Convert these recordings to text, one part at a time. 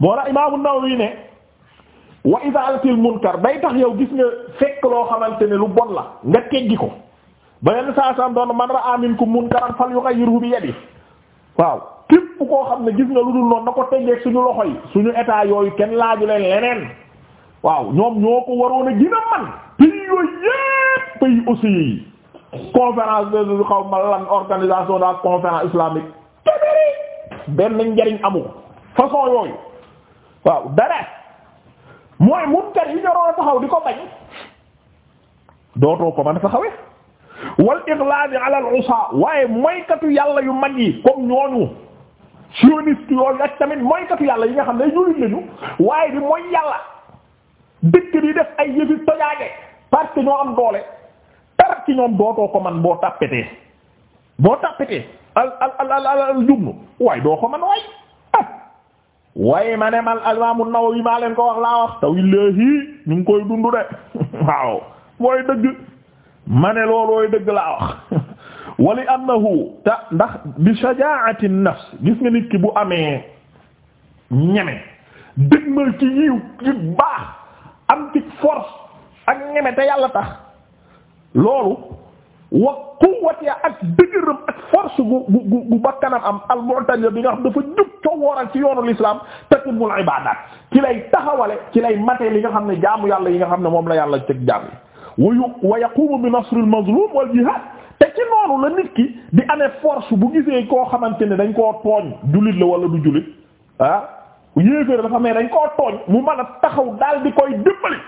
moo tax Imaam An-Nawawi ne wa izalatil munkar day tax yow gis nga fekk loo xamante ne lu bon la nga teggi ko ba yenn saa saa doon man ra'a minkum munkaran falyughayyirhu bi yadihi waaw képp koo xam ne gis nga lu dul noonu na ko teggeeg suñu loxo yi suñu état yooyu kenn laaju leen leneen waaw ñoom ñoo ko waroon a gina man yooyu yépp pays aussi conférence de xaw ma lan organisation de la conférence islamique benn njariñ amu façon waaw dara mooy munkar yi ñoroon a taxaw di ko bañ dootoo ko mën a taxawee wal ighlaal ala al waaye moykatu yàlla yu mag yi comme ñooñu sioniste yooyu ak tamit moykatu yàlla yi nga xam ne jullit lañu waaye di mooy yàlla dëkk di def ay yëfi tojaage parce ñoo am doole tar ci ñoom dootoo ko man boo tàppetee boo tàppetee al al al al al jublu waaye doo ko man waaye waaye ma ne mal al-Imam maa leen ko wax laa wax taw illaahi ñu ngi koy dund de waaw mooy dëgg mane ne loolooy dëgg laa wax wali annahu te ndax bi shajaa'ati nafs gis nga nit bu amee ñeme dëgmal ci yiw ci baax am ci force ak ñeme te yàlla tax loolu wa quwwatiha ak dëgëram ak force gu gu gu bakkanam am al-mu'tadila bi nga xam dafa jug coowooral ci yoonu l'islam tatimul ibaadaat ci lay taxawale ci lay matee li nga xam ne jaamu yàlla yi nga xam ne moom la yàlla teg jaam yi wa yaqumu bi nasril mazlum wal jihad te ci noonu la nit ki di amee force bu gisee koo xamante ne dañ koo tooñ jullit la wala du jullit ah yéeféer dafa mais dañ koo tooñ mu mën a taxaw daal di koy dimbali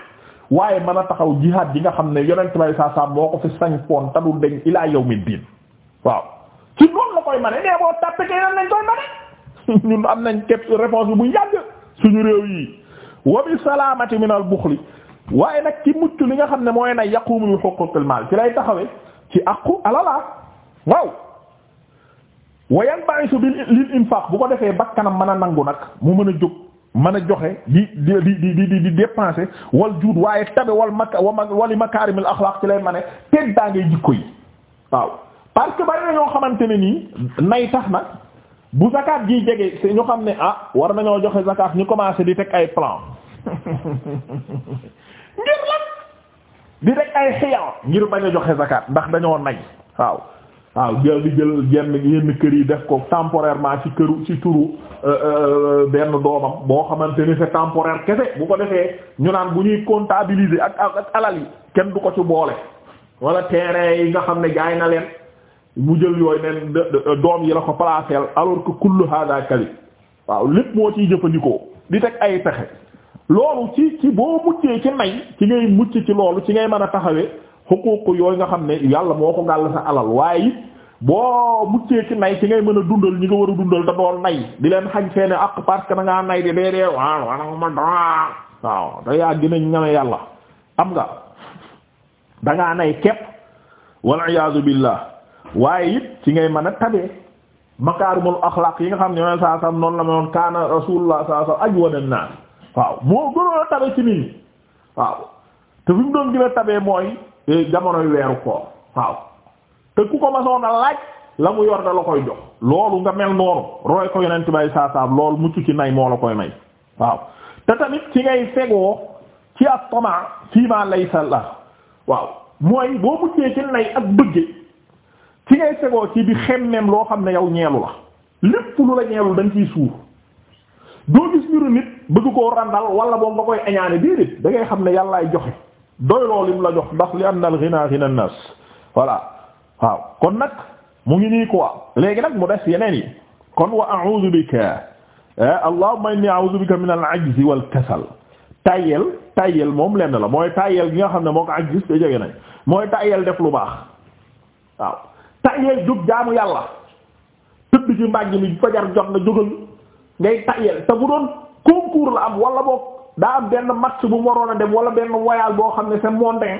waaye mën a taxaw jihaad ji nga xam ne yonent bay saa saa moo ko fi sañ foon tadul deñ ilaa yawmi diin waaw ci noonu la koy mane nee boo tàppe kay nan koy mane ñun am nañ képp réponse bu yàgg suñu réew yi wa bi salaamati min al buxli waaye nag ci mucc li nga xam ne mooy na yaqumu bi xuquqil maal ci lay taxawee ci aqu alala ah. waaw wa yanba'isu bil infaq bu ko defee bakkanam mën a nangu nag mu mën a jóg mën a joxe di di di di di dépenser wal juud waaye tabe wal maka wali makaarimil axlaaq ci lay ma ne teg daa ngay jikko yi waaw parce que bari na xamante ne nii nay tax nag bu zakat gi jege ñu xam ne ah war nañoo joxe zakat ñu commencé di teg ay plan ngir lan di teg ay xiyal ngir bañ a joxe zakat ndax dañoo nay waaw waaw jël di jël yenn yenn kër yi def ko temporairement ci këru ci turu euh, euh, benn doomam boo xamante ni c'est temporaire kese bu ko defee ñu naan bu ñuy comptabiliser ak ak alal yi kenn du ko ci boole wala terrain yi nga xam ne jaay na leen mu jël yooyu neen euh, doom yi la ko placeel alors que kullu hada waaw lépp moo ciy jëfandikoo di teg ay pexe loolu ci ci boo muccee ci nay ci ngay mucc ci loolu ci ngay man a taxawee xuquuq yooyu nga xam ne yàlla moo ko gàll sa alal waaye it boo muccee ci nay ci ngay mën a dundal ñi nga war a dundal te doon nay di leen xañ seeni ak parce que da ngaa nay di dee dee waaw waaw te yaa gën a ñame yàlla am nga danga ngaa nay kepp wal iyaazu billah waaye it ci ngay mën a tabee makaarimul axlaaq yi nga xam ne yooyu saa sam la ma noon kaana rasulullah saa sam ajwana naas waaw moo gënoon a tabe ci nit waaw te fi doon gën a tabee mooy Eh, jamonoy weeru koor waaw te ku ko masoon a laaj la mu yor da la koy jox loolu nga mel noonu roy ko yonent bay saasaam loolu mucc ci nay moo la koy may waaw te tamit ci ngay segoo ci ak toma fii ma laysa la waaw ci nay ak bëgge ci bi xemmeem loo xam ne yow ñeelu la lépp lu la ñeelul da ciy suur doo gis niru nit bëgg koo randal wala boo nga koy añaane déedéet da ngay xam ne yàllaay joxe doy loolim la jox ndax li anna al ghina ghina an-nas voilà waaw kon nag mu ngi nii quoi léegi nag mu des yeneen yi kon wa a'udhu bika eh, allahumma inni a'udhu bika min al-'ajzi wal tayel tayel moom leen la mooy tayel gi nga xam ne moo ko ajgis te jóge nañ mooy tayel def lu baax waaw tayel jóg jaamu yàlla tëdd ci mbàjj mi fajar jot na jógal ngay tayel te bu doon concours la am wala boog daa benn match bu mu waroon a dem wala benn voyage boo xam ne seen mondain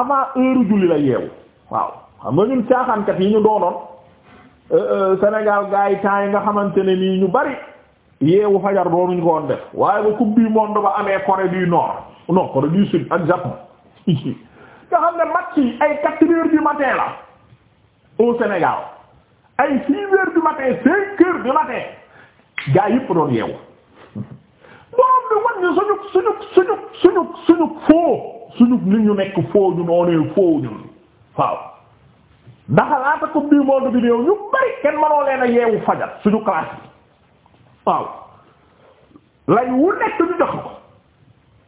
avant heure julli la yeewu waaw xam nga ñun caaxaankat yi ñu doonoon euh, euh, Sénégal gars yi temps yi nga xamante ne nii ñu bari yeewu fajar doonuñu ko woon def waaye ba coupe du monde ba amee Corée du Nord non Corée du Sud ak Japon nga xam ne match yi ay quatre heures du matin la au Sénégal ay six heures du matin cinq heures du matin gars yëpp doon yeewu borom bi wan ñu suñu suñu suñu suñu suñu foo suñu ñu nekk foo ñu noonee foo ñun waaw ndax laata coupe du monde bi néew ñu bari kenn mënoo leen a yeewu fajar suñu classe bi waaw lay wu nekk ñu jox ko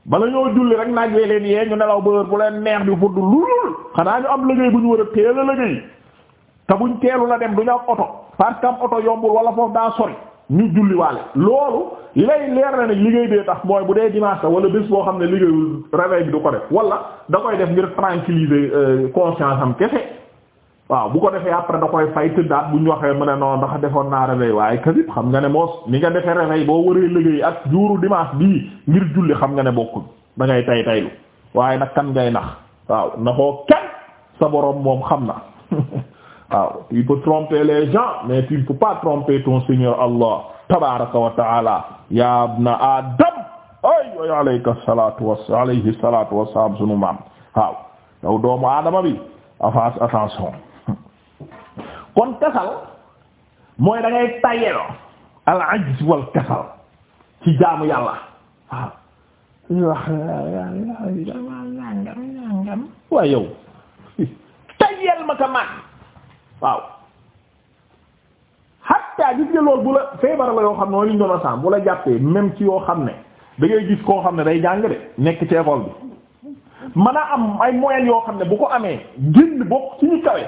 bala ñoo julli rek naaj wee leen yee ñu nelaw ba heure bu leen neex bi fudd lulul xanaa ñu am liggéey bu ñu war a teel a liggéey te buñ teelu la dem du ñu am oto parce oto yombul wala foofu daa sori ñu julliwaale loolu li lay leer na ne liggéey dee tax mooy bu dee dimanche la wala bés boo xam ne liggéeyul réveil bi du ko def wala da koy def ngir tranquilliser euh, conscience am kese waaw bu ko defee après da koy fay tëddaat bu ñu waxee mu ne noonu ndax defoon naa réveil waaye kasib xam nga ne moos ni nga defee réveil boo waree liggéey ak juuru dimanche bii ngir julli xam nga ne bokkul da ngay tay taylu waaye nag kan ngay nax waaw naxoo kenn sa borom moom xam na waaw tu peux tromper les gens mais tu ne peux pas tromper ton Seigneur Allah tabaraka wa taala ya ibna adam ay way alayka salatu wa alayhi salatu wassalam sunu maam waaw yow doomu aadama bi avance attention kon kasal mooy da ngay al ajz wal kasal ci jaamu yàlla waaw waaw yow tayel ma waaw hatta gis nga loolu bu la feebar la yoo xam ne li ñu doon a bu la jàppee même ci yoo xam ne da ngay gis koo xam ne day jàng de nekk ci bi mën a am ay moyens yoo xam ne bu ko amee génn bokk ci ñu kawe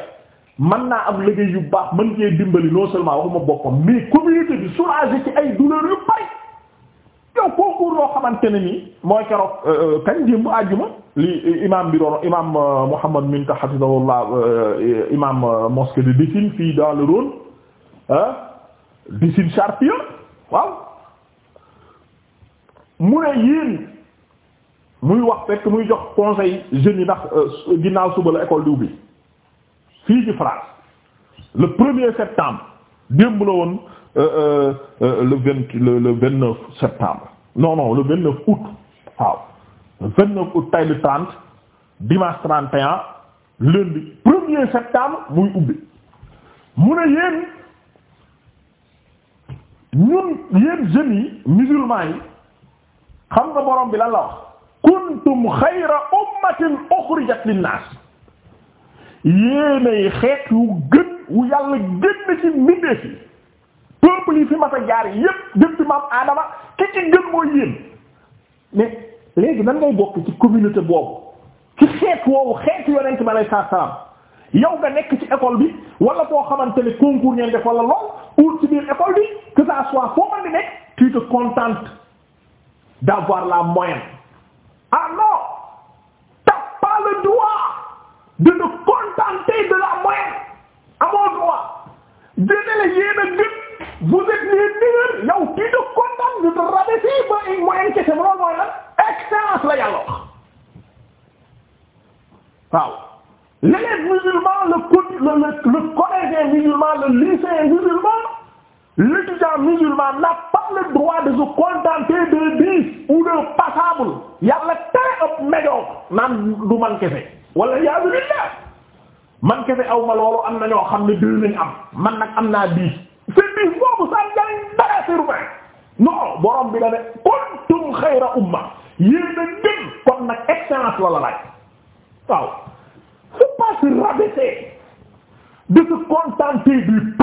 mën naa am légéey yu baax mën yee dimbali non seulement waxuma boppam mais communauté bi soulager ci ay douleur yu yow concours loo xamante ne nii mooy keroog euh, euh, kañ démb àjjuma li imam bi doon imam euh, Mouhamad Minta hafizahullah imam mosquée de Dessine fii dans le Rhône ah Dessine waaw mu ne yéen muy wax fekk muy jox conseil jeunes yi ndax ginnaaw suba la école di ubbi fii ci France le premier septembre démb la woon Euh, euh, euh, le vingt le vingt neuf septembre non non le vingt waaw le vingt neuf le trente dimanche trente et lundi premier septembre muy ubbi mu ne yéen ñun yéen jeunes yi musulmans yi xam nga borom bi lan la wax kuntum xayra ummatin uxrijat linnaas yéenay xeet yu gën wu yàlla gën ci mbindeef yi lépp li fi mas a jaar yépp depuis maam Adama ki ci gën mooy yéen mais léegi nan bokk ci communauté boobu ci xeet woowu xeetu yonent bi alayhi salaam yow nga nekk ci école bi wala koo xamante ne concours ngeen def wala lool ou ci biir école bi que ça soit foo mën nekk tu te contentes d'avoir la moyenne ah non t'as droit de te contenter de la moyenne amoo droit dina la yéen a vous êtes les meilleurs yow kii de kontaan ñu te rabaisser ba une mooy lan excellence la yàlla waaw l'élève musulman le le musulman le lycéen musulman l'étudiant musulman n'a pas droit de se contenter de dix ou de passable yàlla tere ab médiocre naan du man kese wala yaa bi man kese aw ma loolu am na ñoo xam ne deux lañ am man nag am naa dix. service boobu sax njariñ dara si rume non borom bi la ne kuntum xayra umma yéen a nag excellence la la laaj waaw c'est pas se rabaisser se contenter du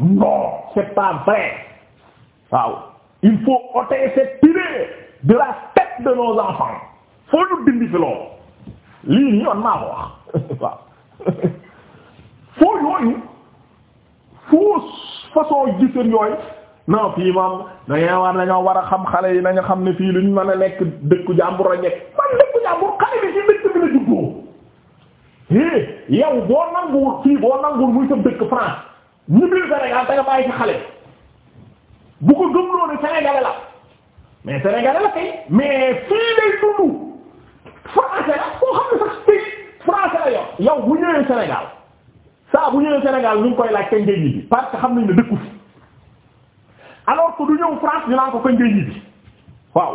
non c'est pas il faut ôter cette de la tête de nos enfants faut ñu dindi fi loolu lii nii yoon maa ko façon gisin yooyu non fii moom dangay war nañoo war a xam xale yi nga xam ne fii lu ñu mën a nekk dëkku jàmbur a nekk man dëkku jàmbur xale bi ci dëkk bi la juddoo eh, boo nanguwul fii boo nanguwul muy sa dëkk France ñu Sénégal da nga bàyyi ci xale bu ko gëmloo ne la mais Sénégalais la kay mais fii day dundu français la koo xam ne sax pays français la yow bu ñëwee Sénégal saa bu ñëwee Sénégal ñu ngi koy laaj kañ ngay ñibbi parce que xam nañ ne dëkku fi alors que du ñëw France ñu naan ko kañ ngay ñibbi waaw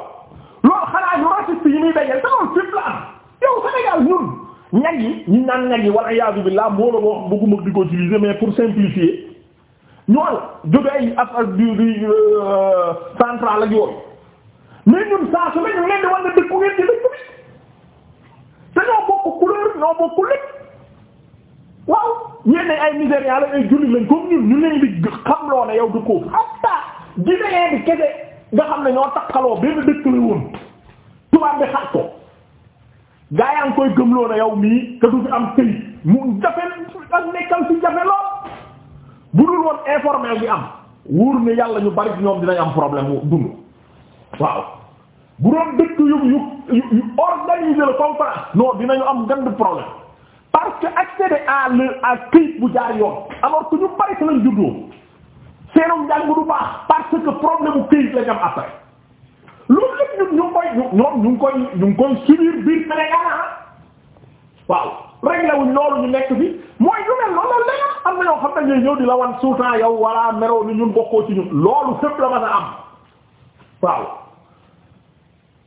loolu xanaa ñu raciste yi muy dajeel te loolu fépp la yow Sénégal ñun ñag yi ñu naan ñag yi wala iyaazu billaah moo la wax bëgguma di ko utiliser mais pour simplifier ñool jóge ay ab du du euh, central ak yooyu mais saa su ne ñu di wan ay misériens la ay jullit lañ comme ñun ñu leen di xamloo ne yow du ko hatta guinéen bi kese nga xam ne ñoo takkaloo benn dëkk la woon tubaab bi xaaj ko gaa yaa koy gëmloo ne yow mii te fi am këyit mu jafe ak nekkal ci jafe lool bu dul woon informel bi am wóor ne yàlla ñu bari ñoom dinañ am problème dund waaw bu doon dëkk yu yu yu organiser la conférence non dinañu am gand problème parce que accéder à le à këyit bu jaar yoon alors que ñu bari sa lañ juddoo seenom njàng du baax parce que problème u këyit la am après loolu lépp ñun ñu ah. loolu ñu nekk fi mooy ñu mel noonu la am na ñoo xam ne ñëw di la wan suutan yow wala meroo ni ñun bokkoo ci ñun loolu fépp la mën a am waaw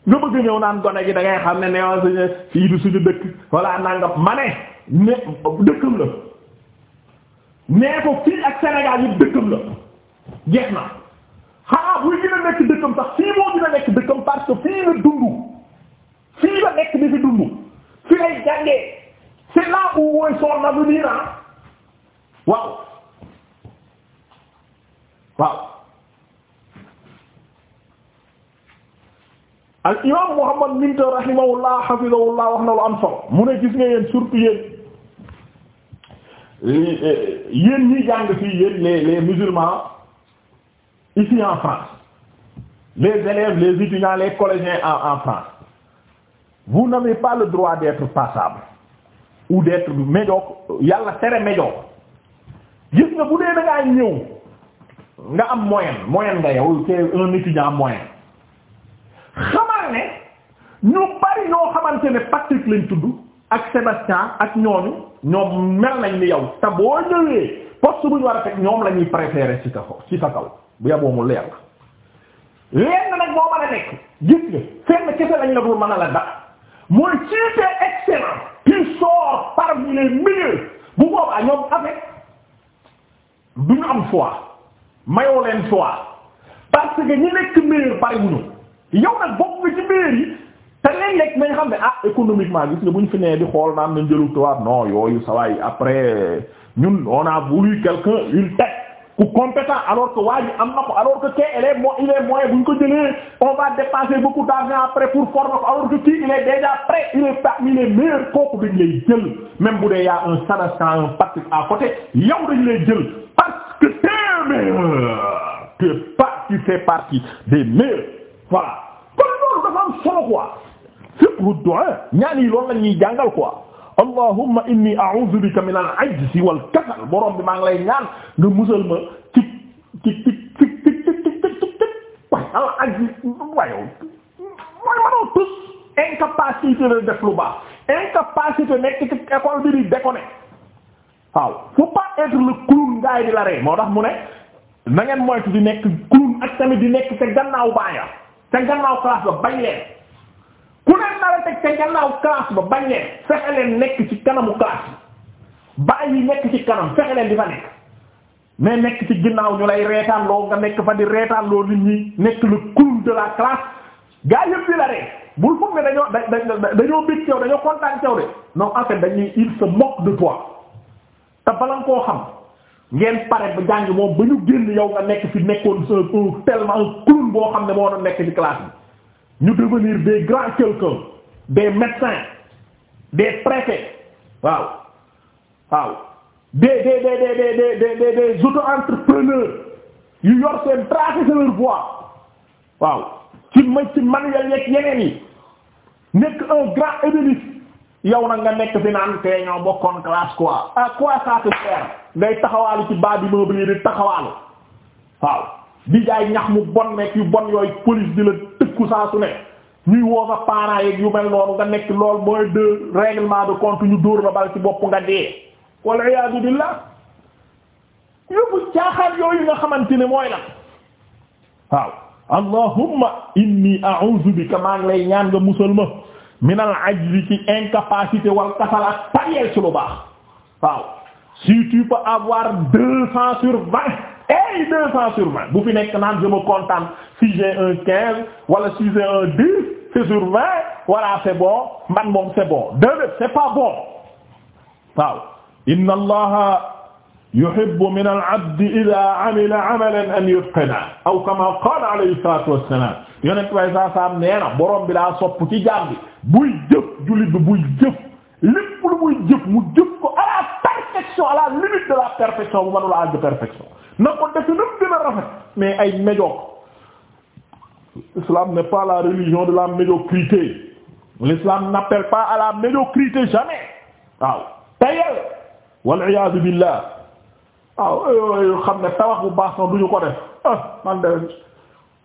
nga bëgg ñëw naan gone gi da xam ne neew suñu fii du suñu dëkk wala nangam ma ne dëkkam la nee ko fii ak Sénégal yi dëkkam la jeex na xanaa buy gën nekk dëkkam sax fii moo gën nekk dëkkam parce que fii la dundu fii la nekk di fi dundu fi lay jàngee c'est là où mooy waaw waaw al imam Muhammad Minta rahimahullah hafidahullah wax na lu am solo mu gis nga yéen surtout yéen Eh, yéen ñi jàng fii yéen les les musulmans ici en France les élèves les étudiants les collégiens en en France vous n'avez pas le droit d'être passable ou d'être médiocre yàlla tere médiocre gis nga bu dee da ngaa ñëw nga am moyenne moyenne nga yow c'est un étudiant moyen xamal ne ñu bari ñoo xamante ne Patrick lañ tudd. ak Sébastien ak ñooñu ñoom mel nañ ni yow te boo ñëwee poste bu ñu war a teg ñoom lañuy ñuy préférer ci sa kaw ci sa kaw bu yaboo mu leer la. leer na nag boo mën a nekk gis nga fenn kese lañ la dul mën a la dara mooy ci c'est excellent qui sort parmi les meilleurs bu boobaa ñoom avec du ñu am choix mayoo leen choix parce que ñi nekk meilleur bari wuñu yow nag bokk nga ci meilleur yi. te léeg-léeg nañ xam ne ah économiquement gis nga bu ñu fi nee di xool naan nañ jëlu tubaab non yooyu sawaay après ñun on a voulu quelqu'un une tête ku compétent alors que waa ji am na ko alors que kee il est mo il est moyen bu ñu ko jëlee on va dépenser beaucoup d'argent après pour former ko alors que kii il est déjà prêt il est parmi les meilleurs kooku dañ lay jël même bu dee y a un Sanaskand un Patrick à côté yow dañ lay jël parce que t'es meilleur parti fait partie des meilleurs voilà kon loolu dafa am fiqhu du'a ñaan yi loolu la ñuy jàngal ko allahumma inni a'udhu bika min al-'ajzi wal kasal borom bi maa ngi lay ñaan nga musal ma ci ci ci ci ci ci ci ci waaye al-'ajzi waaye mooy mënoo tus def lu baax incapacité nekk ci école bi di déconner waaw faut pas être le di la ree moo tax mu ne na ngeen moytu di nekk clown ak tamit di nekk ca gannaaw baaya ca gannaaw classe ba bañ leen ku leen nar a teg ca gannaaw classe ba bañ leen fexe leen nekk ci kanamu classe bàyyi nekk ci kanam fexe leen di fa nekk mais nekk ci ginnaaw ñu lay reetaan loo nga nekk fa di reetaan loo nit ñi nekk le clown de la classe gaa yëpp di la ree bul foog ne dañoo da dañoo bég ci yow dañoo kontaan ci de non en dañuy il se moque de toi te bala nga koo xam ngeen pare ba jàng moom ba ñu génn yow nga nekk fi nekkoon sa tellement un clown boo xam ne moo doon nekk ci classe ñu devenir des grands quelqu'un des médecins des préfets waaw waaw des des des des des des des des auto-entrepreneurs yu yor seen tracer leur voie waaw ci ma ci manuel yeeg yeneen yi nekk un grand ébéniste yow nag nga nekk fi naan tey ñoo bokkoon classe quoi à quoi ça te sert ngay taxawaalu ci bas d'immeuble yi di taxawaalu waaw. di jaay ñax mu bon nekk yu bon yooyu police di la tëkku saa su ne ñuy woo sa parents yu mel noonu nga nekk lool mooy de règlement de compte ñu dóor la bal ci bopp nga dee walla iyaadu billah yóbbu caaxaan nga xamante ne mooy la waaw allahumma inni a'udhu bika maa ngi lay ñaan nga musal ma min al ajzi ci incapacité wal kasal ak pariel ci lu baax waaw si tu peux avoir deux cents sur ay deux cents sur vingt bu fi nekk naan je me contente si j'ai un quinze wala si j'ai un dix c'est sur vingt voilà c'est bon man moom c'est bon déedéet c'est pas bon waaw inna allaha yuhibbu min al-abdi idha amila amalan an yutqinahu aw kama qala alayhi salatu wassalam yonent way saa saam nee na borom bi daa sopp ci jaam bi buy jëf jullit bi buy jëf lépp lu muy jëf mu jëf ko à la perfection à la limite de la perfection bu mënula àgg perfection na ko def na mu gën rafet mais ay médiocre l'islam n'est pas la religion de la médiocrité l'islam n'appelle pas à la médiocrité jamais waaw tayal wal iyaadu billah waaw xam ne tawax bu baax noonu du ñu ko def ah man de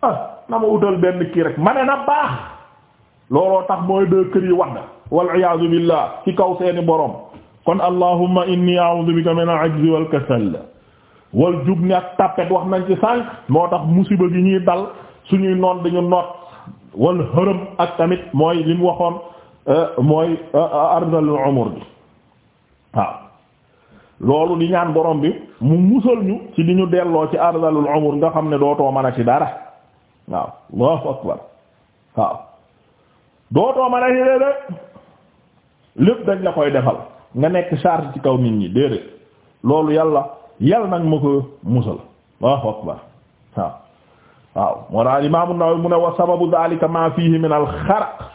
ah na ma utal benn kii rek ma ne na looloo tax mooy deux kër yi wax wal iyaadu billah ci kaw seeni borom kon allahumma inni a'udhu bika min al-'ajzi wal kasal wal jub ni ak tappet wax nañ ci sànq moo tax musiba gi ñuy dal suñuy noon dañu noot wal hërëm ak tamit mooy li waxoon euh, mooy euh, ardal umur bi waaw loolu di ñaan borom bi mu musal ñu ci li ñu delloo ci ardalul umur nga xam ne dootoo mën a ci dara waaw allahu akbar waaw dootoo mën a ci dara lépp dañ la koy defal nga nekk charge ci kaw nit ñi déedéet loolu yàlla yal nag ma ko musal Allahu akbar waaw waaw moo daal Imaam An-Nawawi mu ne wa sababu dhalika ma fihi min al-xaraq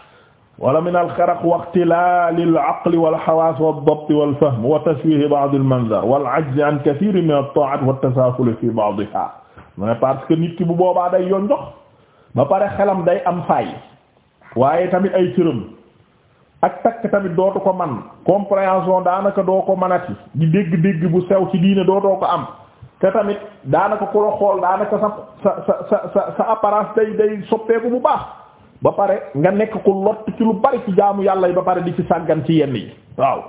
wala min al-xaraq wa ixtilaal al-aql wal-xawaas wad-dabt wal-fahm wa tashwiih ba'd al-manzar wal-'ajz an kathiir min at-taa'aat wat-tasaahul fi ba'dihaa mu ne parce que nit ki bu boobaa day yoon jox ba pare xelam day am faay waaye tamit ay cëram ak takk tamit dootu ko man compréhension daanaka doo ko manati di dégg-dégg bu sew ci diine dootoo ko am te tamit daanaka ku la xool daanaka sa sa sa sa sa apparence day day soppeeku bu baax ba pare nga nekk ko lott ci lu bari ci jaamu yàlla yi ba pare di ci sàggan ci yenn yi waaw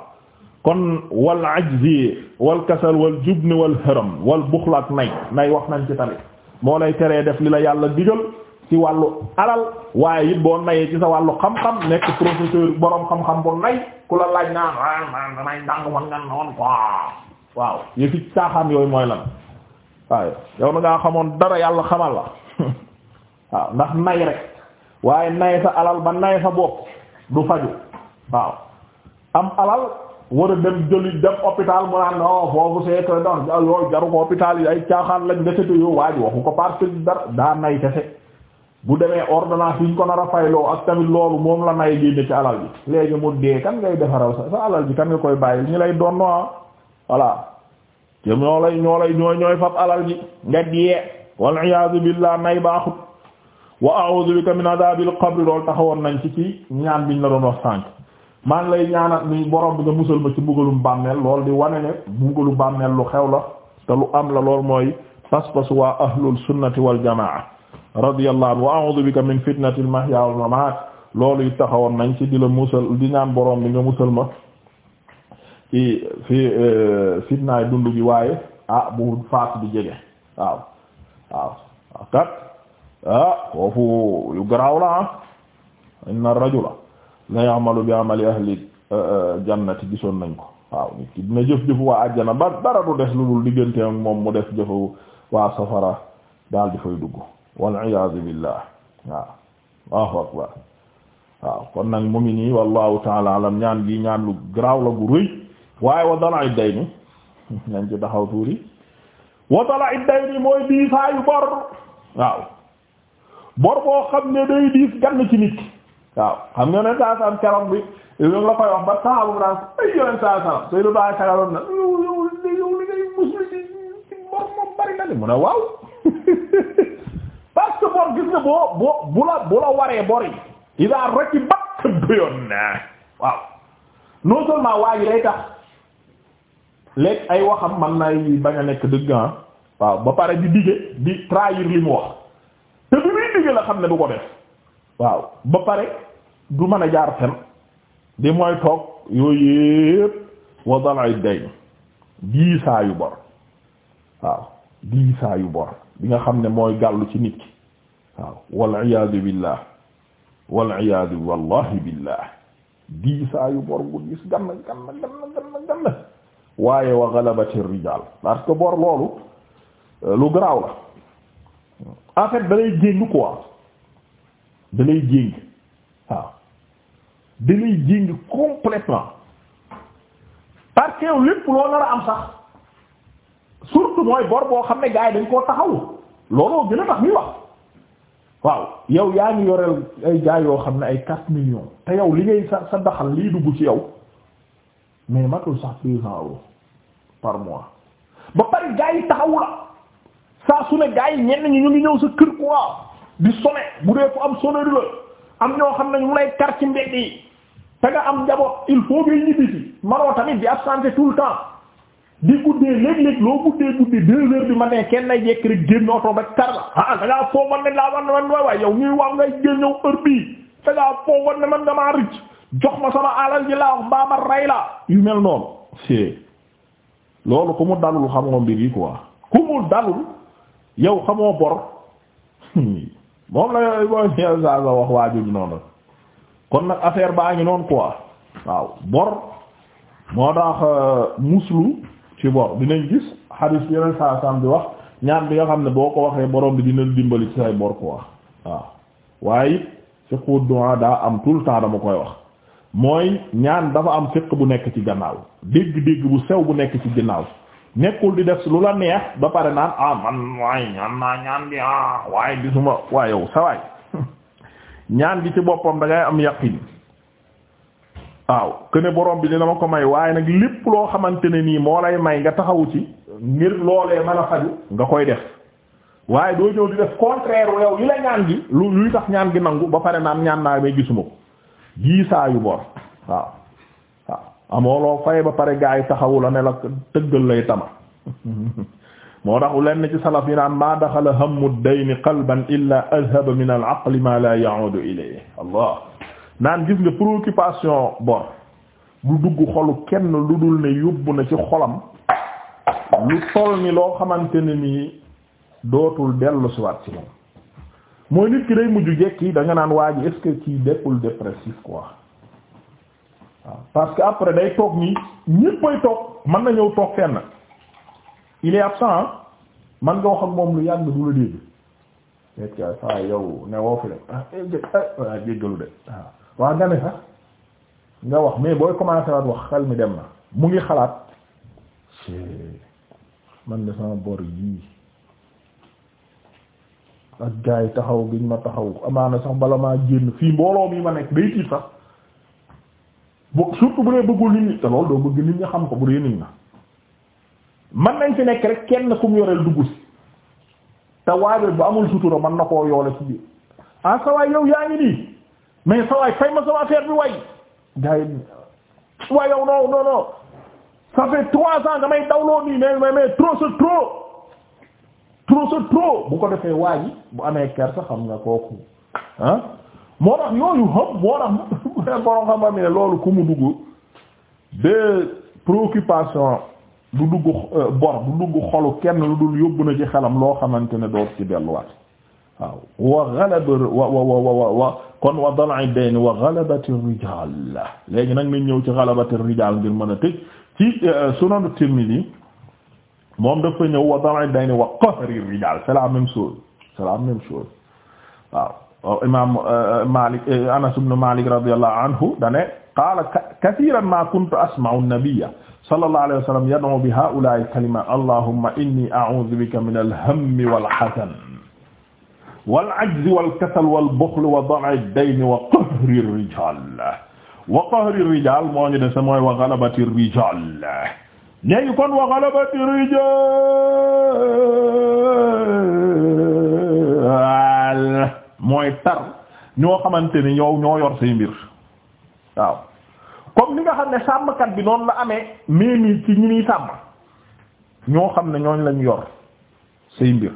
kon wal ajzi wal kasal wal jubn wal haram wal buxlaat nay nay wax nañ ci tamit moo lay teree def li la yàlla digal ci wàllu alal waaye it boo nayee ci sa wàllu xam-xam nekk professeur borom xam-xam bu nay ku la laaj naan man damay ndàng man caaxaan yooyu mooy lan waaye yow na ngaa xamoon dara yàlla xamal la waaw ndax nay rek waaye nay sa alal ba nay sa bopp du faju waaw am alal war a dem jëli dem hôpital mu naan non foofu c'est que non yooyu jaru ko hôpital yi ay caaxaan lañ desete yow waa ji waxu ko parce que dara daa nay kese bu demee ordonnance yi ñu ko nar a ak tamit loolu moom la nay génne ci alal ji léegi mu dee kan ngay defaraw sa alal ji kan nga koy bàyyi ñu lay donno ah voilà te ñoo lay ñoo lay ñooy ñooy fab alal ji nga diyee wal iyaazu billah nay baaxut wa a'udhu bika min adhabil qabr loolu taxawoon nañ ci ci ñaan biñ la doon wax sànk maa ngi lay ñaanal ni borom bi nga musal ma ci mbugalum bàmmeel lool di wane ne mbugalu bàmmeel lu xew la te lu am la lool mooy pas-pas waa ahlul sunnati wal radiyallahu anhu wa a'udhu bika min fitnatil mahya wal mamat loolu it taxawoon nañ ci di la musal di ñaan borom bi nga musal ma ci e, fitnaay dund gi waaye ah bu faat bi jege waaw waaw waaw kat ah foofu yu garaaw la ah inna rajula la ya'malu bi amali ahli e, e, jannati gisoon nañ ko waaw nit ki dina jëf jëfu waa àjjana ba des lu dul diggante moom mu def jëfu waa safara daal di fay dugg wal iyaadu billah waaw Allahu nag mu ngi nii wallahu taala alam ñaan gi ñaan lu garaaw la gu rëy waaye wa dala it day ni tuuri wa dala it day ni bor waaw bor boo xam ne day diis gann ci nit waaw xam nga ne saa saam keroog bi yooyu la koy wax ba taxawu naa ay yooyu saa saam sooy lu baax sagaloon na yow yow yow li bor moom bari mu ne waaw kon gis bu la bu la waree bor yi ida rakibat doyoon na waaw non seulement waa ji day tax léegi ay waxam man nay bañ a nekk dëgg ah waaw ba pare di dige di trahir li mu wax te bi muy dige la xam ne du ko def waaw ba pare du mën a jaar fen di mooy toog yooyu yëpp wa dalay day dii saa yu bor waaw dii yu bor bi nga xam ne mooy gàllu ci nit ki waaw wal iyaadu billah wallahi billah diisaayu bor bu diis ganna ganna ganna waaye wa galabati rijaal parce que bor loolu euh, lu la en fait da lay jéng quoi da lay jéng waaw da lay a am sax surtout mooy bor boo xam ne gars yi dañ koo taxaw looloo gën a wax waaw yow yaa ngi yoreel ay jaay yoo xam ne ay quatre millions te yow li ngay sa sa daxal liy dugg ci yow mais matul sax deux cents euros par mois ba pare gars yi taxawu la saa su ne gars yi ñenn ñi ñu ngi ñëw sa kër quoi di sonné bu dee fu am sonnerie la am ñoo xam ne ñu lay kar ci mbedd yi te nga am njaboot il faut ngay ñibbisi manoo tamit di absenter tout le temps di guddee léeg-léeg loo guddee guddee deux bi ma ne kenn nay jekk rek génn oto ba tar la ah da ngaa foo man ne laa war man waay waay yow jox ma sama alal ji laa wax mbaa ma rey la yu mel noonu loolu ku mu dalul xam mbir yi quoi ku mu dalul yow xamoo bor moom la yooyu boo saa sa wax waajur noonu kon nag affaire baa ngi noonu quoi waaw bor moo tax euh, muslu ci bor dinañ gis xadis yeneen saa saam bi wax ñaan bi nga xam ne boo ko waxee borom bi dina dimbali ci say bor ko wax waaw waaye it fiqhu du'a daa am tout le temps dama koy wax mooy ñaan dafa am fiq bu nekk ci gannaaw dégg-dégg bu sew bu nekk ci gannaaw nekkul di def lu la neex ba pare naan ah man waaye ñaan naa ñaan bi ah waaye gisuma waaye yow sa waay ñaan bi ci boppam da am yaqin waaw këne borom bi dina ma ko may waaye nag lépp loo xamante ne nii moo lay may nga taxawu ci ngir loolee mën a faju nga koy def waaye doo ñëw di def contraire yow la ñaan gi lu luy tax ñaan gi nangu ba pare naan ñaan naa may gisuma ko giisaayu bor waaw waaw amoo loo fay ba pare gaa yi taxawu la ne la tëggal lay tama moo tax lenn ci salaf yi naan maa daxala hammu dayni qalban illa azhaba min al aqli ma allah naan gis nga préoccupation bor lu dugg xolu kenn lu dul ne yóbbu na ci xolam lu toll ni loo xamante ne nii dootul dellu siwaat ci moom mooy nit ki day mujj jekki da naan waa ji est-ce que kii deppul dépressif quoi waaw parce que après day toog nii ñëppay toog mën na ñëw toog fenn il est absent man nga wax moom lu yàgg du la dégg nekk saa ah, yow ne woo fi de ah jéggalu ah, de waaw ah. waa nga ne sax nga wax mais booy commencé wax xel mi dem na mu ngi xalaat man de sama bor yii ak gaa yi taxaw giñ ma taxaw amaana sax bala maa génn fii mbooloo mi ma nekk day tiit sax bo surtout bu dee bëggul nit ñi te loolu doo bëgg nit ñi xam ko bu dee nit na man nañ fi nekk rek kenn ku yoreel dugg si te waaye bu amul sutura man na koo yoole ci ah sa yow yaa ngi nii mais sa waay fay ma sama affaire bi way gars yi waaw yow non non non ça fait trois ans nga may dawloo nii mais mais mais trop c'est trop trop c'est trop bu ko defee waa bu amee ker kersa xam nga kooku ah moo tax yooyu xam moo tax borom xam-xam ne loolu ku mu dugg de préoccupation du dugg euh, bor du dugg xolu kenn lu dul yóbbu na ci xelam loo xamante ne doo ci delluwaat. waaw wa ghalaba wa wa wa kon wa dal'i dayn wa ghalabati rijal léegi nag nañ ñëw ci ghalabati rijal ngir mën a tëj ci euh, sunan Tirmidhi moom dafa ñëw wa dal'i dayn wa qahri rijal c'est la même chose c'est la même chose waaw imam euh, Malik euh, Anas ibn Malik radiyallahu anhu dane qaala kathiran ma kuntu asma'u an-nabiyya sallallahu alayhi wa sallam yad'u bi ha'ula'i kalimat allahumma inni a'udhu bika min al-hammi wal-hazan wal ajzi wal kasal wal buxli wa dam'i dayni wa qahri rijaal wa qahri rijaal moo mooy wa galabati rijaal léegi kon wa galabati rijaal mooy tar ñoo xamante ni ñoo ñoo yor say mbir waaw li nga xam ne sàmmkat bi noonu la amee mais nii ci ñi muy sàmm ñoo xam ne ñooñ lañ yor say mbir.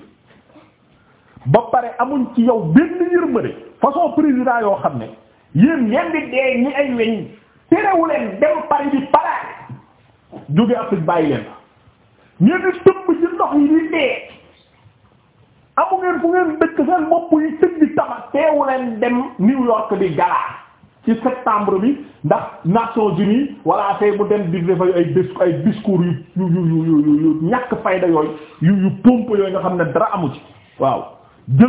ba pare amuñ ci yow benn yërmande façon président yoo xam ne yéen ñeen di dee ñi ay weñ terewuleen dem Paris bi paraat jóge Afrique bàyyi leen ñeen di tëmb ci ndox yi di dee amu ngeen ngeen dëkk seen bopp yi tëj tama teewuleen dem New York di galaa ci septembre bi ndax Nations Unies walla tey mu dem di defa ay dis ay discours yu yu yu yu yu fayda yooyu yu yu pompe yooyu nga xam ne dara amu ci waaw jël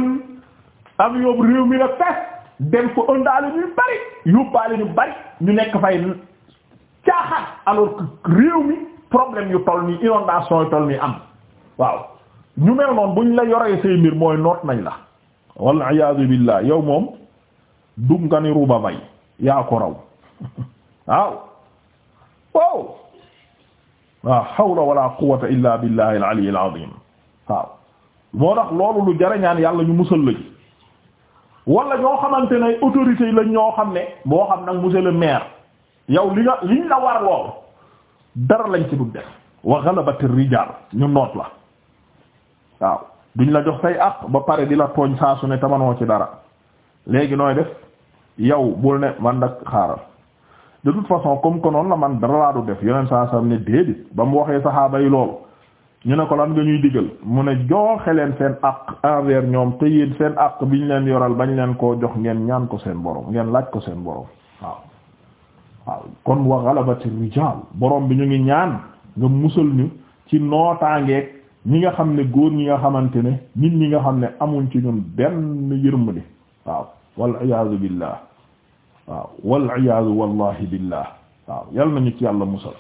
am yóbbu réew mi la fees dem ko ëndaale ñu bari yóbbaale ñu bari ñu nekk fay caaxaan alors que réew mi problème yu toll nii inondation yu toll nii am waaw ñu mel noonu buñ la yoree say mbir mooy noot nañ la walla iyaatu billaah yow moom dugg nga ni ruba bay yaa ko raw waaw la hawla wala quwwata illa billahi al-ali al moo tax loolu lu jara ñaan yàlla ñu musal la ci wala ñoo xamante ne autorité yi lañ ñoo xam ne boo xam nag monsieur le maire yow li nga liñ la war lool dara lañ ci dul def wa ghalabati rijal ñu noot la waaw duñ la jox say àq ba pare di la tooñ saa su ne tamanoo ci dara léegi nooy def yow bul ne man nag xaaral de toute façon comme que noonu la man dara laa du def yeneen saa sam ne déedéet ba mu waxee saxaaba yi loolu ñu ne ko lan nga ñuy digal mu ne joxe leen seen àq envers ñoom te yéen seen àq bi ñu leen yoral bañ leen koo jox ngeen ñaan ko seen borom ngeen laaj ko seen borom waaw waaw kon wa ghalabati rijal borom bi ñu ngi ñaan nga musal ni ci nootaangeeg ñi nga xam ne góor ñi nga xamante ne nit ñi nga xam ne amuñ ci ñun benn yërmande waaw wal iyaazu billah waaw wal iyaazu wallahi billah waaw yal nañu ci yàlla musal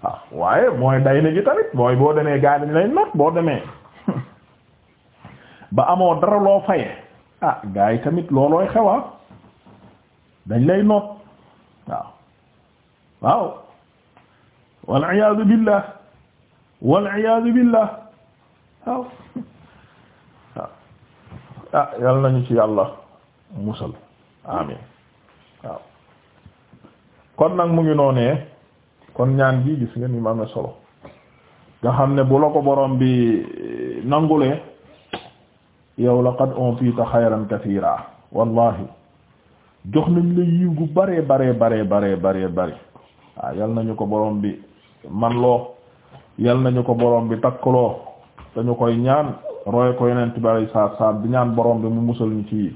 waaw ah, waaye mooy day na gi tamit mooy boo demee gaa dañ lay nag boo demee ba amoo dara loo faye ah gaa yi tamit loolooy xewaa ah. dañ lay noot waaw waaw wal iyaadu billah wal iyaadu waaw ah yal nañu ci yàlla musal amin waaw kon nag mu ngi noonee kon ñaan gi gis ngeen ni mu amee nga xam ne bu la ko boroom bi eh, nangulee yow laqad untita xayran kathiira wallahi jox nañ la yiw gu bare bare bare bare bare bare waaw yal nañu ko boroom bi man loo yal nañu ko borom bi takkaloo dañu koy ñaan roy ko yeneen bari saa saa bi ñaan borom bi mu musal ñu ci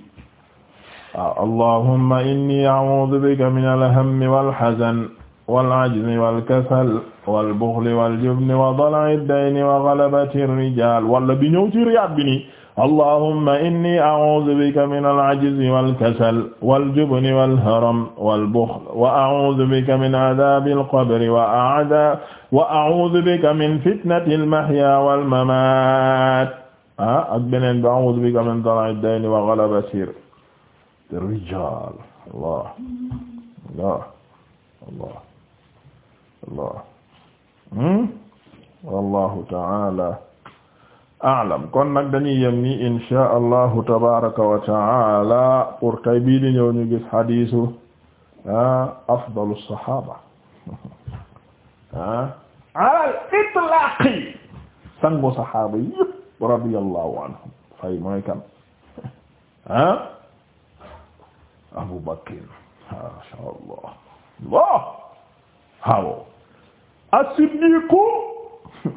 waaw allahumma inni a'udhu bika min al-hammi wal hazan والعجز والكسل والبخل والجبن وضلع الدين وغلبة الرجال wala bi ñëw ci riyaad bi nii اللهم إني أعوذ بك من العجز والكسل والجبن والهرم والبخل وأعوذ بك من عذاب القبر وأعوذ بك من فتنة المحيا والممات ah ak beneen bi أعوذ بك من ضلع الدين وغلبة الرجال الله الله الله Allah hmm? wallahu ta'ala kon nag dañuy yem ni insha allahu tabaraka wa ta'ala pour tay bii di ñëw ñu gis hadisu afdalu sahaba ah alal itlaqi sangu sahaaba yëpp radiyallahu anhum fay mooy kan Abu Bakr ma sha waaw as-siddiqu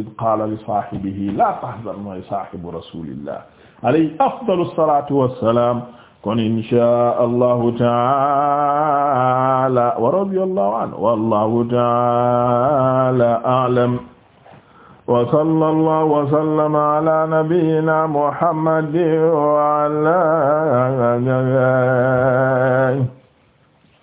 id qaala li saahibihi la tahzan mooy saahibu rasulillah alayhi afdalu salatu wassalam kon insha allahu taala wa radiyallahu anhu wallahu taala a'lam wa sallallahu wa sallama ala nabiyyina muhammadin wa ala